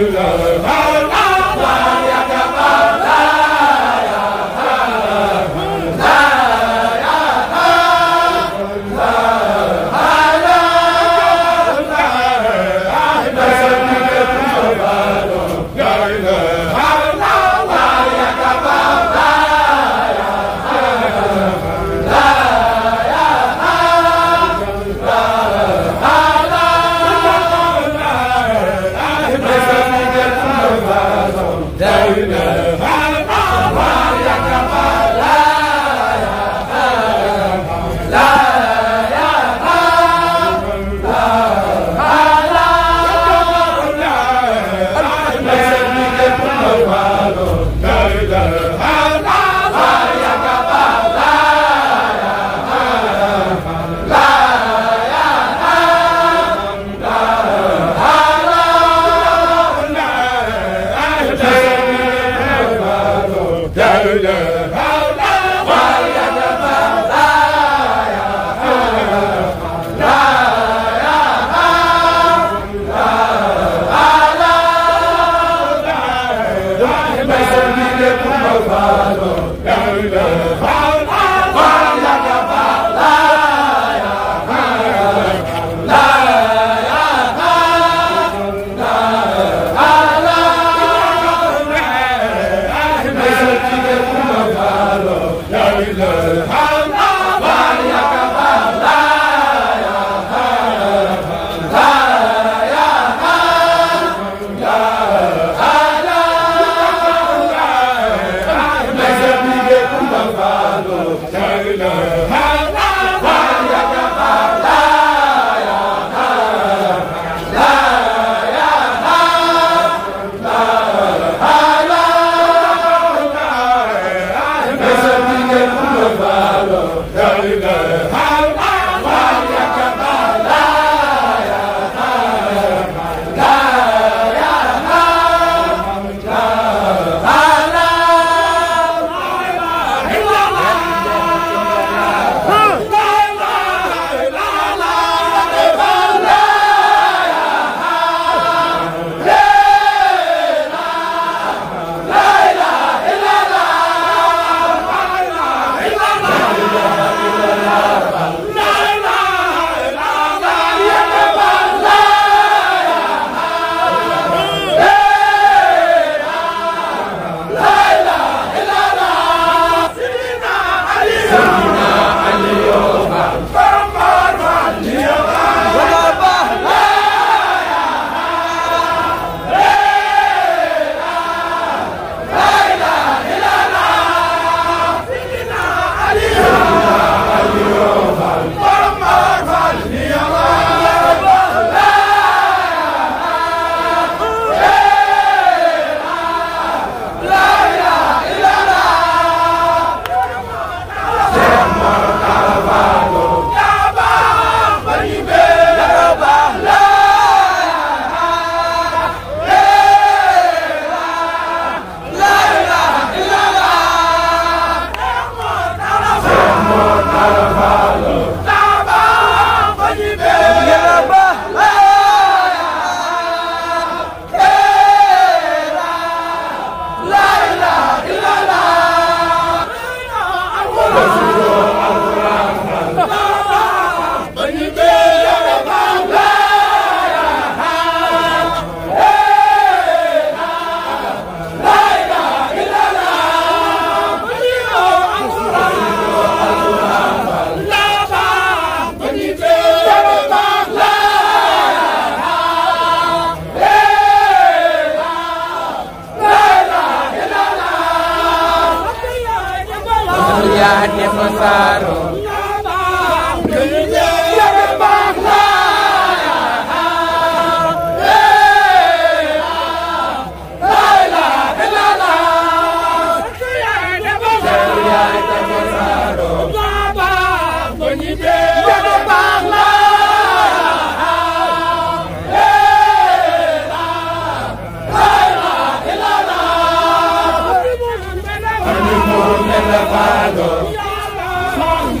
you ilaha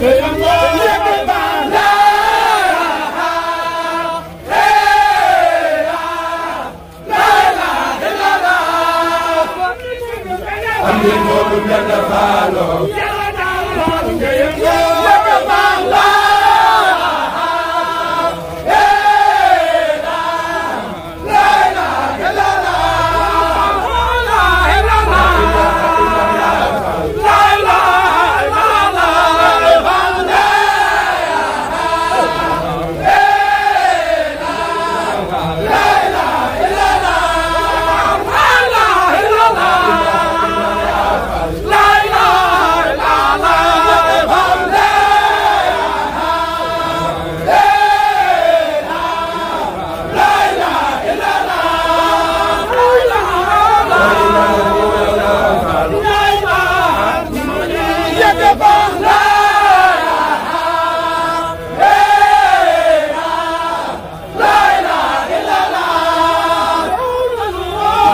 They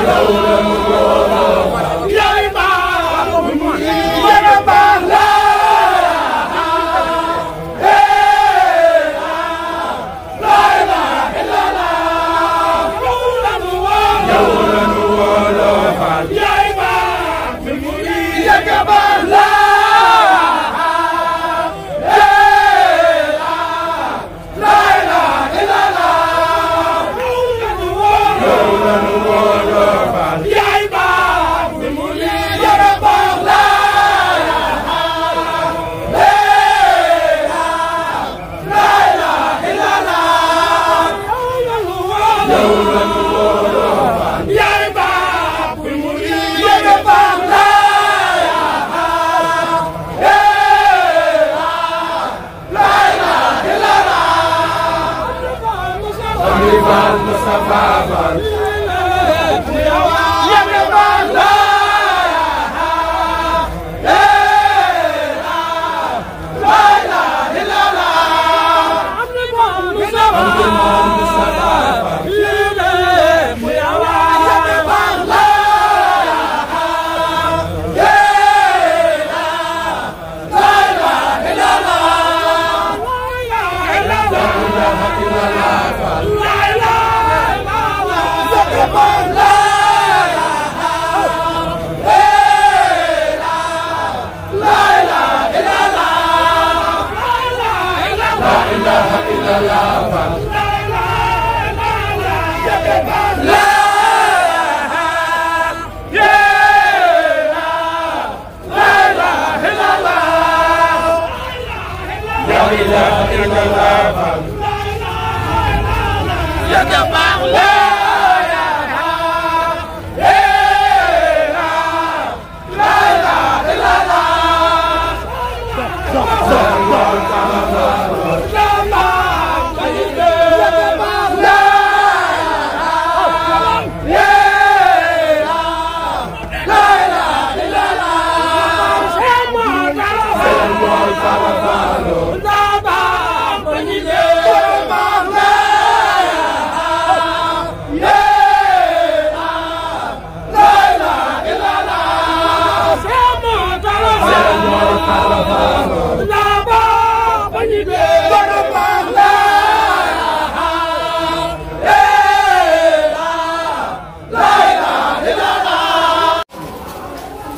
cada uma Muhammad Allah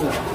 Yeah.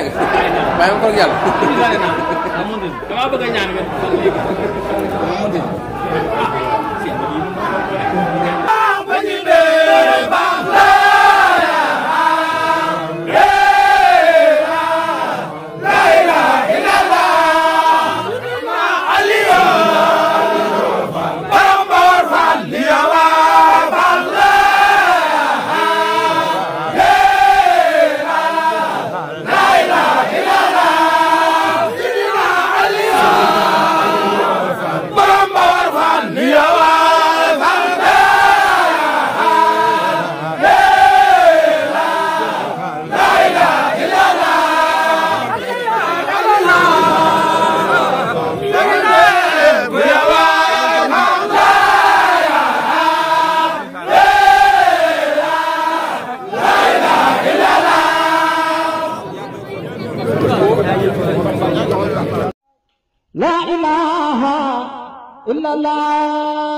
yaa ngi bàyyi ma ko ak yàlla. damaa bëgg a ñaan nga la